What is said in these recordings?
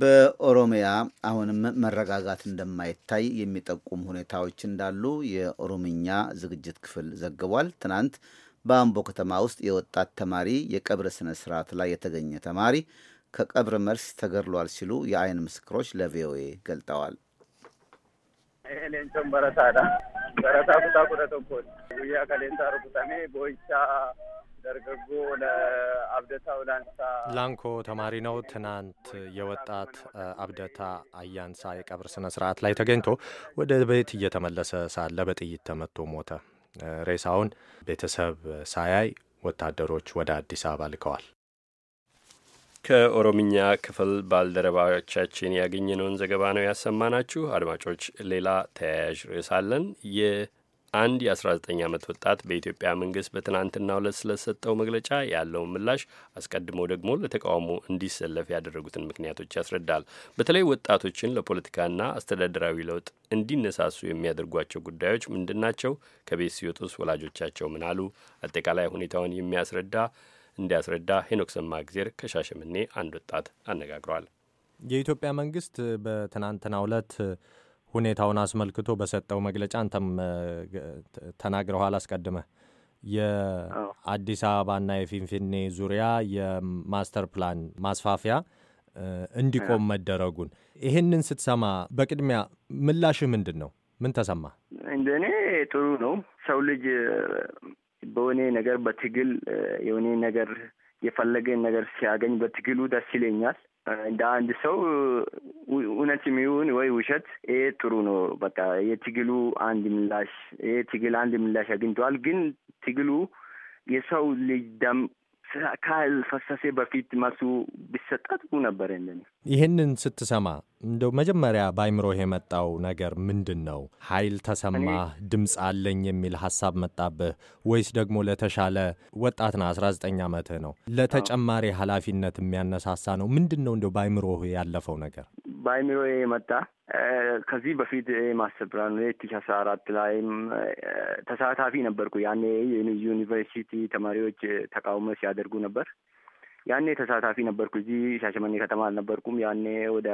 በኦሮሚያ አሁንም መረጋጋት እንደማይታይ የሚጠቁም ሁኔታዎች እንዳሉ የኦሮምኛ ዝግጅት ክፍል ዘግቧል። ትናንት በአምቦ ከተማ ውስጥ የወጣት ተማሪ የቀብር ስነ ስርዓት ላይ የተገኘ ተማሪ ከቀብር መልስ ተገድሏል ሲሉ የአይን ምስክሮች ለቪኦኤ ገልጠዋል። በረታ ደርገጎ ለአብደታ ውላንሳ ላንኮ ተማሪ ነው። ትናንት የወጣት አብደታ አያንሳ የቀብር ስነ ስርዓት ላይ ተገኝቶ ወደ ቤት እየተመለሰ ሳለ በጥይት ተመቶ ሞተ። ሬሳውን ቤተሰብ ሳያይ ወታደሮች ወደ አዲስ አበባ ልከዋል። ከኦሮምኛ ክፍል ባልደረባዎቻችን ያገኘነውን ዘገባ ነው ያሰማናችሁ። አድማጮች፣ ሌላ ተያያዥ ርዕስ አለን። አንድ የ19 ዓመት ወጣት በኢትዮጵያ መንግስት በትናንትና ዕለት ስለሰጠው መግለጫ ያለውን ምላሽ አስቀድሞ ደግሞ ለተቃውሞ እንዲሰለፍ ያደረጉትን ምክንያቶች ያስረዳል። በተለይ ወጣቶችን ለፖለቲካና አስተዳደራዊ ለውጥ እንዲነሳሱ የሚያደርጓቸው ጉዳዮች ምንድን ናቸው? ከቤት ሲወጡስ ወላጆቻቸው ምን አሉ? አጠቃላይ ሁኔታውን የሚያስረዳ እንዲያስረዳ ሄኖክ ጊዜር ከሻሸምኔ አንድ ወጣት አነጋግሯል። የኢትዮጵያ መንግስት በትናንትና ዕለት ሁኔታውን አስመልክቶ በሰጠው መግለጫ አንተም ተናግረኋል አስቀድመ የአዲስ አበባና የፊንፊኔ ዙሪያ የማስተር ፕላን ማስፋፊያ እንዲቆም መደረጉን ይህንን ስትሰማ በቅድሚያ ምላሽህ ምንድን ነው? ምን ተሰማ? እንደኔ ጥሩ ነው። ሰው ልጅ በሆነ ነገር በትግል የሆነ ነገር የፈለገን ነገር ሲያገኝ በትግሉ ደስ ይለኛል። እንደ አንድ ሰው እውነት የሚሆን ወይ ውሸት ይሄ ጥሩ ነው። በቃ የትግሉ አንድ ምላሽ ይሄ ትግል አንድ ምላሽ አግኝተዋል። ግን ትግሉ የሰው ልጅ ደም ካልፈሰሴ በፊት መልሱ ቢሰጣት ጥሩ ነበር። ይንን ይህንን ስትሰማ እንደው መጀመሪያ ባይምሮህ የመጣው ነገር ምንድን ነው? ኃይል ተሰማህ? ድምፅ አለኝ የሚል ሀሳብ መጣብህ? ወይስ ደግሞ ለተሻለ ወጣት ና አስራ ዘጠኝ ዓመትህ ነው ለተጨማሪ ኃላፊነት የሚያነሳሳ ነው? ምንድን ነው እንደው ባይምሮህ ያለፈው ነገር? በአይምሮ የመጣ ከዚህ በፊት ማስተብራን ሁለት ሺ አስራ አራት ላይም ተሳታፊ ነበርኩ። ያኔ ዩኒቨርሲቲ ተማሪዎች ተቃውሞ ሲያደርጉ ነበር። ያኔ ተሳታፊ ነበርኩ። እዚህ ሻሸመኔ ከተማ አልነበርኩም። ያኔ ወደ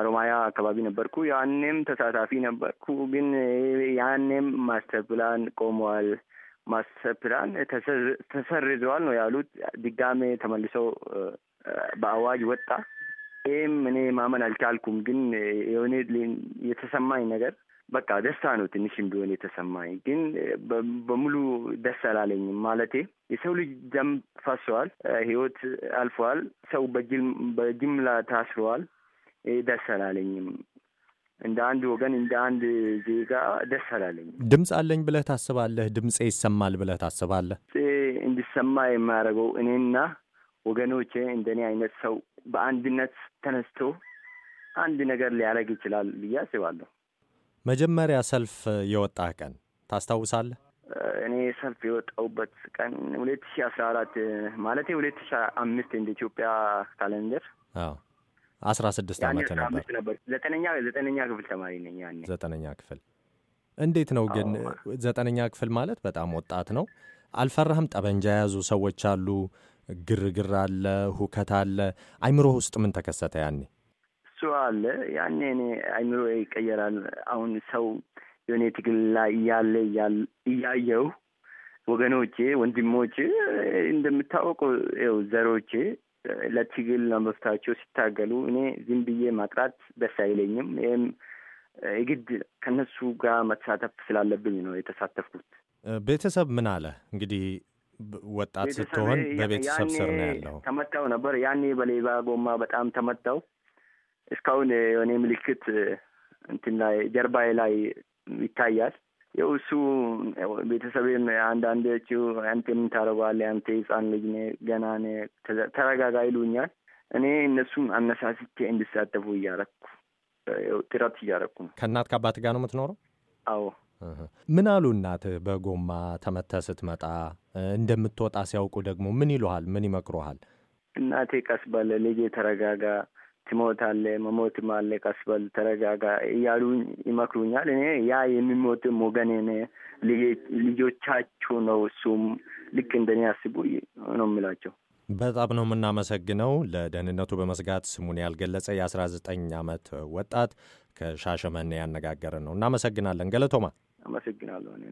አሮማያ አካባቢ ነበርኩ። ያኔም ተሳታፊ ነበርኩ። ግን ያኔም ማስተር ፕላን ቆመዋል፣ ማስተር ፕላን ተሰርዘዋል ነው ያሉት። ድጋሜ ተመልሰው በአዋጅ ወጣ። ይህም እኔ ማመን አልቻልኩም። ግን የሆነ የተሰማኝ ነገር በቃ ደስታ ነው። ትንሽም ቢሆን የተሰማኝ ግን በሙሉ ደስ አላለኝም። ማለቴ የሰው ልጅ ደም ፈሰዋል፣ ህይወት አልፈዋል፣ ሰው በጅምላ ታስረዋል። ደስ አላለኝም። እንደ አንድ ወገን እንደ አንድ ዜጋ ደስ አላለኝም። ድምፅ አለኝ ብለህ ታስባለህ? ድምፄ ይሰማል ብለህ ታስባለህ? እንዲሰማ የማያደርገው እኔና ወገኖቼ እንደኔ አይነት ሰው በአንድነት ተነስቶ አንድ ነገር ሊያደርግ ይችላል ብዬ አስባለሁ። መጀመሪያ ሰልፍ የወጣ ቀን ታስታውሳለህ? እኔ ሰልፍ የወጣሁበት ቀን ሁለት ሺ አስራ አራት ማለት ሁለት ሺ አምስት እንደ ኢትዮጵያ ካለንደር አስራ ስድስት ዓመት ነበር። ዘጠነኛ ዘጠነኛ ክፍል ተማሪ ነኝ ያኔ ዘጠነኛ ክፍል። እንዴት ነው ግን ዘጠነኛ ክፍል ማለት በጣም ወጣት ነው። አልፈራህም? ጠበንጃ የያዙ ሰዎች አሉ። ግርግር አለ፣ ሁከት አለ። አይምሮ ውስጥ ምን ተከሰተ ያኔ? እሱ አለ ያኔ እኔ አይምሮ ይቀየራል። አሁን ሰው የሆነ ትግል ላይ እያለ እያየው ወገኖቼ፣ ወንድሞቼ እንደምታወቁ ው ዘሮቼ ለትግል ለመብታቸው ሲታገሉ እኔ ዝም ብዬ ማጥራት ደስ አይለኝም። ይህም የግድ ከነሱ ጋር መተሳተፍ ስላለብኝ ነው የተሳተፍኩት። ቤተሰብ ምን አለ እንግዲህ ወጣት ስትሆን በቤተሰብ ስር ነው ያለው። ተመታው ነበር ያኔ በሌባ ጎማ በጣም ተመታው። እስካሁን የኔ ምልክት እንትን ላይ ጀርባዬ ላይ ይታያል። ያው እሱ ቤተሰብም አንዳንዶቹ አንተ ምን ታደርገዋለህ አንተ ሕፃን ልጅ ነህ ገና ነህ ተረጋጋ ይሉኛል። እኔ እነሱም አነሳስቼ እንድሳተፉ እያረኩ ጥረት እያረኩ ነው። ከእናት ከአባት ጋር ነው የምትኖረው? አዎ ምን አሉ እናትህ በጎማ ተመተ ስትመጣ? እንደምትወጣ ሲያውቁ ደግሞ ምን ይሉሃል? ምን ይመክሮሃል? እናቴ ቀስ በል ልጄ ተረጋጋ፣ ትሞታለህ፣ መሞትም አለ፣ ቀስ በል ተረጋጋ እያሉ ይመክሩኛል። እኔ ያ የሚሞትም ወገኔ ነህ፣ ልጆቻችሁ ነው፣ እሱም ልክ እንደኔ ያስቡ ነው የሚላቸው በጣም ነው የምናመሰግነው። ለደህንነቱ በመስጋት ስሙን ያልገለጸ የ19 ዓመት ወጣት ከሻሸመኔ ያነጋገረ ነው። እናመሰግናለን ገለቶማ። አመሰግናለሁ። እኔ